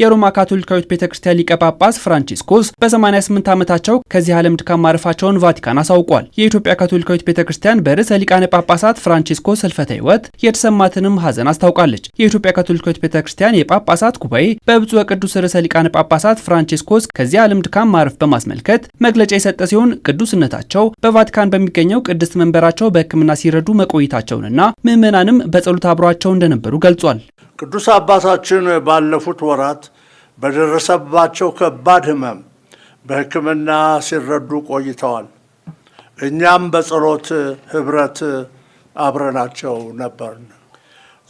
የሮማ ካቶሊካዊት ቤተ ክርስቲያን ሊቀ ጳጳስ ፍራንቺስኮስ በ88 ዓመታቸው ከዚህ ዓለም ድካም ማረፋቸውን ቫቲካን አሳውቋል። የኢትዮጵያ ካቶሊካዊት ቤተ ክርስቲያን በርዕሰ ሊቃነ ጳጳሳት ፍራንቺስኮስ ስልፈተ ሕይወት የተሰማትንም ሐዘን አስታውቃለች። የኢትዮጵያ ካቶሊካዊት ቤተ ክርስቲያን የጳጳሳት ጉባኤ በብፁዕ ቅዱስ ርዕሰ ሊቃነ ጳጳሳት ፍራንቺስኮስ ከዚህ ዓለም ድካም ማረፍ በማስመልከት መግለጫ የሰጠ ሲሆን ቅዱስነታቸው በቫቲካን በሚገኘው ቅድስት መንበራቸው በሕክምና ሲረዱ መቆየታቸውንና ምዕመናንም በጸሎት አብሯቸው እንደነበሩ ገልጿል። ቅዱስ አባታችን ባለፉት ወራት በደረሰባቸው ከባድ ህመም በሕክምና ሲረዱ ቆይተዋል። እኛም በጸሎት ኅብረት አብረናቸው ነበርን።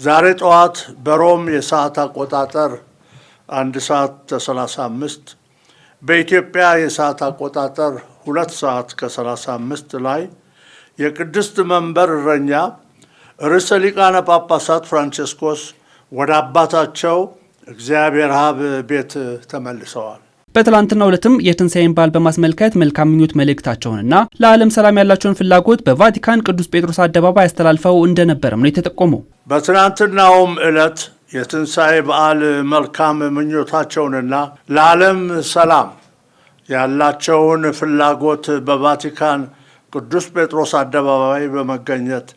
ዛሬ ጠዋት በሮም የሰዓት አቆጣጠር አንድ ሰዓት ከሰላሳ አምስት በኢትዮጵያ የሰዓት አቆጣጠር ሁለት ሰዓት ከሰላሳ አምስት ላይ የቅድስት መንበር እረኛ ርዕሰ ሊቃነ ጳጳሳት ፍራንቼስኮስ ወደ አባታቸው እግዚአብሔር አብ ቤት ተመልሰዋል። በትላንትና ዕለትም የትንሣኤን በዓል በማስመልከት መልካም ምኞት መልእክታቸውንና ለዓለም ሰላም ያላቸውን ፍላጎት በቫቲካን ቅዱስ ጴጥሮስ አደባባይ አስተላልፈው እንደነበረም ነው የተጠቆመው። በትናንትናውም ዕለት የትንሣኤ በዓል መልካም ምኞታቸውንና ለዓለም ሰላም ያላቸውን ፍላጎት በቫቲካን ቅዱስ ጴጥሮስ አደባባይ በመገኘት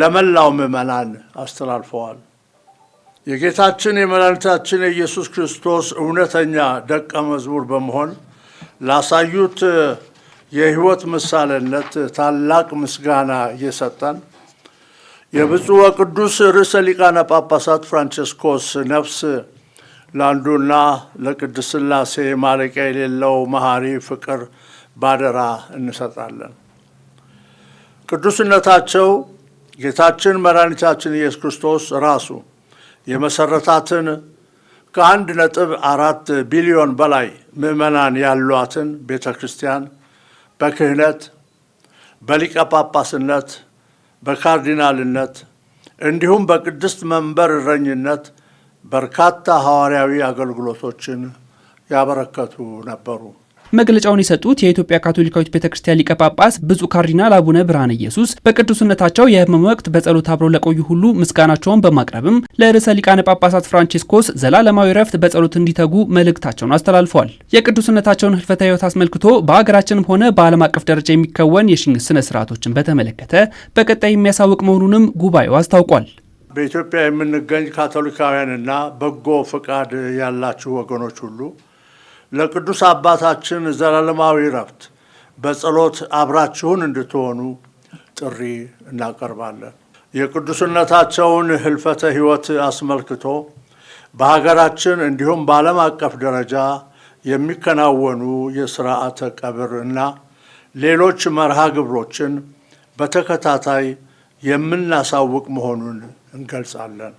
ለመላው ምዕመናን አስተላልፈዋል። የጌታችን የመድኃኒታችን የኢየሱስ ክርስቶስ እውነተኛ ደቀ መዝሙር በመሆን ላሳዩት የሕይወት ምሳሌነት ታላቅ ምስጋና እየሰጠን የብፁዕ ወቅዱስ ርዕሰ ሊቃነ ጳጳሳት ፍራንቸስኮስ ነፍስ ለአንዱና ለቅድስት ሥላሴ ማለቂያ የሌለው መሐሪ ፍቅር ባደራ እንሰጣለን። ቅዱስነታቸው ጌታችን መድኃኒታችን ኢየሱስ ክርስቶስ ራሱ የመሰረታትን ከአንድ ነጥብ አራት ቢሊዮን በላይ ምዕመናን ያሏትን ቤተ ክርስቲያን በክህነት በሊቀ ጳጳስነት በካርዲናልነት እንዲሁም በቅድስት መንበር እረኝነት በርካታ ሐዋርያዊ አገልግሎቶችን ያበረከቱ ነበሩ። መግለጫውን የሰጡት የኢትዮጵያ ካቶሊካዊት ቤተ ክርስቲያን ሊቀ ጳጳስ ብፁዕ ካርዲናል አቡነ ብርሃነ ኢየሱስ በቅዱስነታቸው የሕመም ወቅት በጸሎት አብረው ለቆዩ ሁሉ ምስጋናቸውን በማቅረብም ለርዕሰ ሊቃነ ጳጳሳት ፍራንቺስኮስ ዘላለማዊ ረፍት በጸሎት እንዲተጉ መልእክታቸውን አስተላልፈዋል። የቅዱስነታቸውን ህልፈተ ሕይወት አስመልክቶ በሀገራችንም ሆነ በዓለም አቀፍ ደረጃ የሚከወን የሽኝት ስነ ስርዓቶችን በተመለከተ በቀጣይ የሚያሳውቅ መሆኑንም ጉባኤው አስታውቋል። በኢትዮጵያ የምንገኝ ካቶሊካውያንና በጎ ፈቃድ ያላችሁ ወገኖች ሁሉ ለቅዱስ አባታችን ዘላለማዊ ረፍት በጸሎት አብራችሁን እንድትሆኑ ጥሪ እናቀርባለን። የቅዱስነታቸውን ህልፈተ ሕይወት አስመልክቶ በሀገራችን እንዲሁም በዓለም አቀፍ ደረጃ የሚከናወኑ የስርዓተ ቀብር እና ሌሎች መርሃ ግብሮችን በተከታታይ የምናሳውቅ መሆኑን እንገልጻለን።